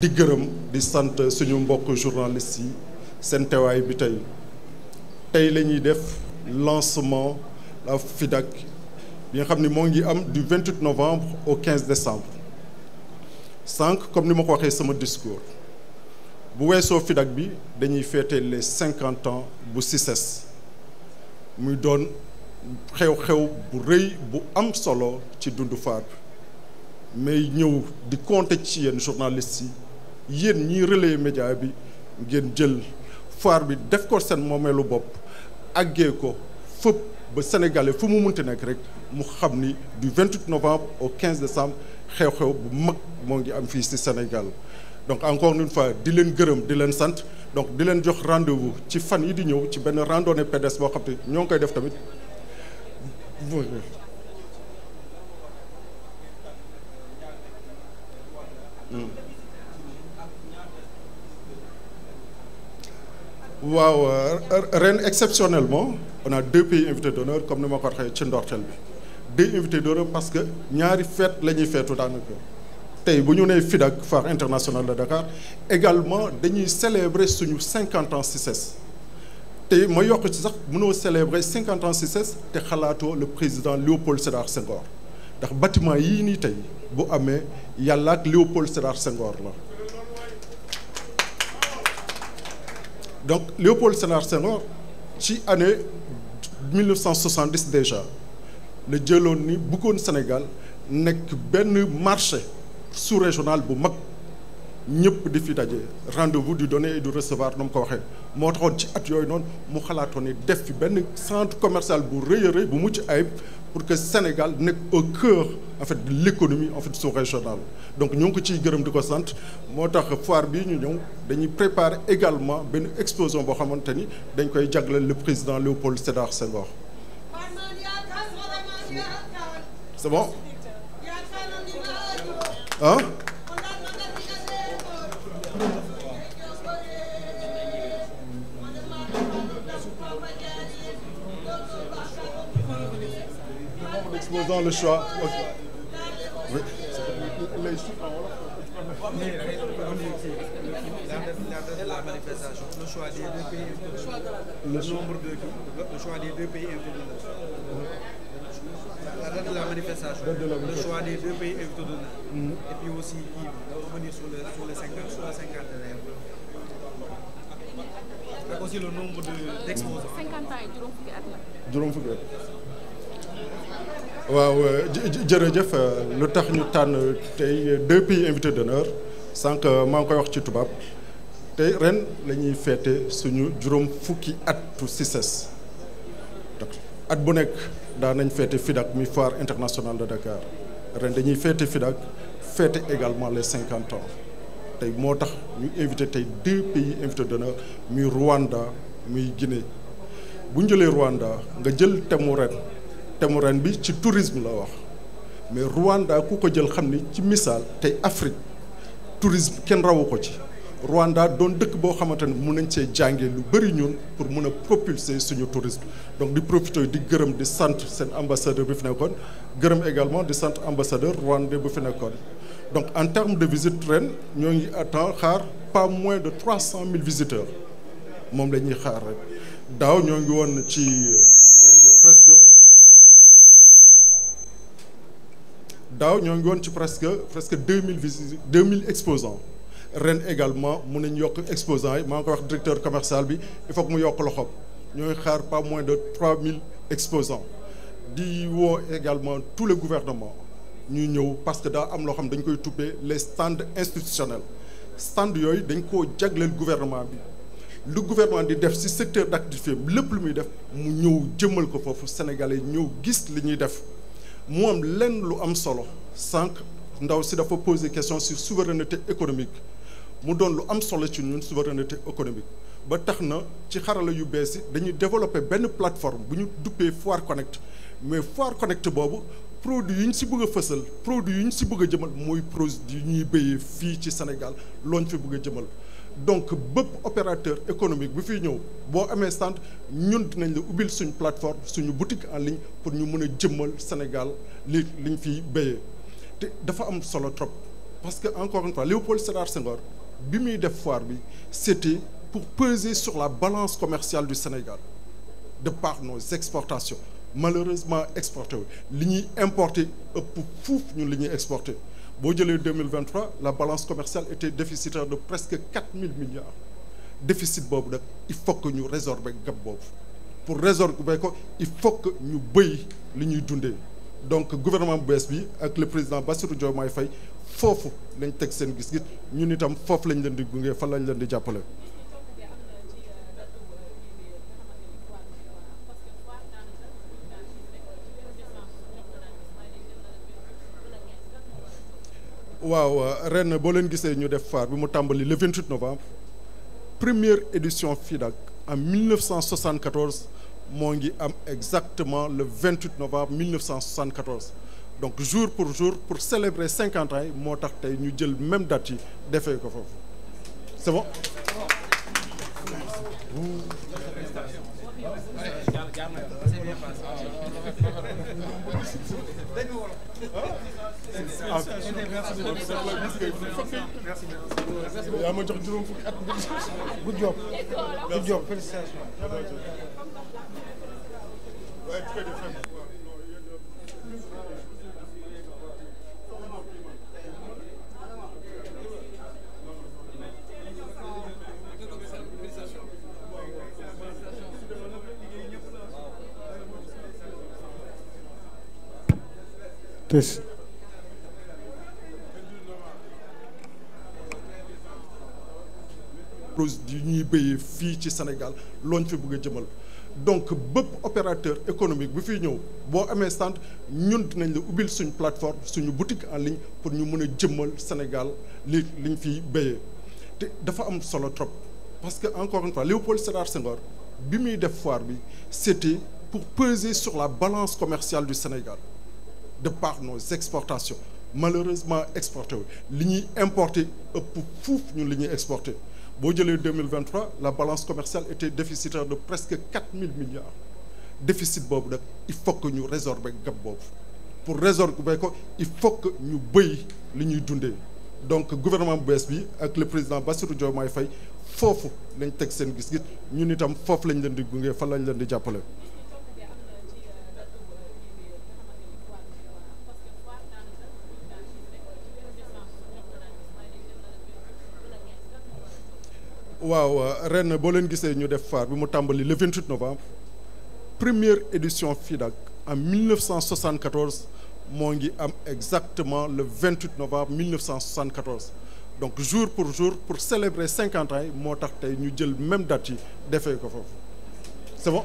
di gërëm di sant suñu mbokk journalistes yi seen teewaay bi tey tey la ñuy def lancement la FIDAK bi nga xam ni moo ngi am du 28 novembre au 15 décembre sànq comme ni ma ko waxee sama discours bu weesoo FIDAK bi dañuy fêter les 50 ans bu CICES e muy doon xew-xew bu rëy bu am solo ci dundu faar bi mais ñëw di compter ci yéen journalistes yi. yéen ñiy relais média bi ngeen jël foir bi def ko seen moomeelu bopp àggee ko fëpp ba sénégalais fu mu munti nekk rek mu xam ni di 28 novembre au 15 décembre xew-xew bu mag moo ngi am fii si Sénégal donc encore une fois di leen gërëm di leen sant donc di leen jox rendez-vous ci fan yi di ñëw ci benn randonnée pédestre boo xam ne ñoo ngi koy def tamit. Hmm. waaw euh, ren exceptionnellement on a deux pays invités d'honneur comme ni ma ko waxee ci ndorteel bi deux invités d'honneur parce que ñaari fête la ñuy feetu daanaka tey bu ñu nee FIDAK Foire internationale de Dakar également dañuy célébrer suñu cinquante ans CICES te ma yokk ci sax mënoo célébrer cinquante ans CICES te xalaatoo le président Léopold Sédar Senghor ndax bâtiment yii nii tey bu amee yàlla ak Léopold Sédar Senghor la. donc Léopold Sédar Senghor ci année 1970 déjà la jëloon ni buggoon Sénégal nekk benn marché su régional bu mag ñëpp di fi daje rendez-vous du et du recevoir nu mu ko waxee moo taxoon ci at yooyu noonu mu xalaatoon ni def ci benn centre commercial bu rëy rëy bu mucc ayib. pour que Sénégal nekk au cœur en fait de l'économie en fait sous-régionale donc ñoo ngi ko ciy gërëm di ko sant moo tax foire bii ñu ñëw dañuy préparer également benn explosion boo xamante ni dañ koy jagleel le président Léopold Sédar Senghor. c'est bon. ah. faisons le choix. Oui. La manifestation, le choix des deux pays le, le nombre de le choix des deux pays la date de la manifestation, le choix des deux pays invités d'honneur. Mm -hmm. Et puis aussi de revenir sur le sur le cinquante sur le cinquantenaire. Ak aussi le nombre de d'exposants. 50 ans et juróom fukki at la. Juróom fukki at. waaw euh, jërëjëf euh, lu tax ñu tànn tey euh, deux pays invités d'honneur sànq maa ngi koy wax ci tubaab tey ren lañuy ñuy féete suñu juróom fukki at atu CICES at bu nekk daan nañ féete FIDAK muy foire internationale de Dakar ren dañuy féete FIDAK féete également les cinquante ans tey moo tax ñu invité tey deux pays invité d'honneur muy Rwanda muy Guinée buñ jëlee Rwanda nga jël thème mu ren. thème ren bi ci tourisme la wax mais Rwanda ku ko jël xam ni ci misaal tey Afrique tourisme kenn rawu ko ci Rwanda doon dëkk boo xamante ne mun nañ cee jàngee lu bëri ñun pour mun a propulser suñu tourisme donc di profité di gërëm di sant seen ambassadeur bi fi nekkoon gërëm également di sant ambassadeur rwandais bu fi nekkoon. donc en termes de visite ren ñoo ngi attend xaar pas moins de trois cent mille visiteurs moom lañuy xaar rek daaw ñoo ngi woon ci. daaw ñoo ngi woon ci presque presque deux mille visites deux mille exposants ren également mun nañ yokk exposants yi maa ngi ko wax directeur commercial bi il foog mu yokk loxoom ñooy xaar pas moins de trois mille exposants di woo également tout le gouvernement ñuy ñëw parce que daa am loo xam dañ koy tuppee les stands institutionnels stand yooyu dañ koo jagleel gouvernement bi lu gouvernement di def ci secteur d'activité lépp lu muy def mu ñëw jëmal ko foofu sénégalais ñëw gis li ñuy def mu am lenn lu am solo sànq ndaw si dafa poser question sur souveraineté économique mu doon lu am solo ci ñun souveraineté économique ba tax na ci xarala yu bees yi dañuy développer benn plateforme bu ñu duppee Foire Connect mais Foire Connect boobu produit yu ñu si bëgg a fësal produit yu ñu si bëgg a jëmal mooy produit yu ñuy béyee fii ci Sénégal looñ fi bëgg a jëmal donc bépp opérateur économique bu fiy ñëw boo amee sant ñun dinañ la ubbil suñu plateforme suñu boutique en ligne pour ñu mën a jëmmal Sénégal li liñ fiy béyee te dafa am solo trop parce que encore une fois Léopold Sédar Senghor bi muy def foir bi c'était pour peser sur la balance commerciale du Sénégal de par nos exportations malheureusement exporté wu li ñuy importé ëpp fuuf ñun li ñuy exporté boo jëlee 2023 la balance commerciale était déficitaire de presque 4000 milliards déficit boobu nag il faut que ñu résorber gap boobu pour résorber ko il faut que ñu bëy li ñuy dundee donc gouvernement bu bees bi ak le président Bassirou Diomaye fay foofu lañ teg seen gis-gis ñun itam foofu lañ leen di gunge fan lañu leen di jàppale waaw euh, ren boo leen gisee ñu def faar bi mu tàmbali le 28 novembre première édition FIDAK en 1974 moo ngi am exactement le 28 novembre 1974 donc jour pour jour pour célébrer 50 ans yi moo tax tey ñu jël même date yi defee ko foofu c'est bon. yaa ma jox juróom fukki at bu job bu job félicitation This. entreprise yi ñuy béyee fii ci Sénégal looñ fi bëgg a jëmal donc bëpp opérateur économique bu fiy ñëw boo amee sant ñun dinañ la ubbil suñ plateforme suñu boutique en ligne pour ñu mën a jëmmal Sénégal li liñ fiy béyee te dafa am solo trop parce que encore une fois Léopold Sédar Senghor bi muy def foire bi c'était pour peser sur la balance commerciale du Sénégal de par nos exportations malheureusement exporté wu li ñuy importé ëpp fuuf ñun li ñuy exporté boo jëlee 2023 la balance commerciale était déficitaire de presque 4000 milliards déficit boobu nag il faut que ñu résorber gap boobu pour résorber ko il faut que ñu bëy li ñuy dundee donc guvernement bu bees bi ak le président Bassirou Diomaye fay foofu lañ teg seen gis-gis ñun itam foofu lañ leen di gunge fan lañ leen di jàppale waaw euh, ren boo leen gisee ñu def faar bi mu tàmbali le 28 novembre première édition FIDAK en 1974 moo ngi am exactement le 28 novembre 1974 donc jour pour jour pour célébrer 50 ans yi moo tax tey ñu jël même date yi defee ko foofu c'est bon.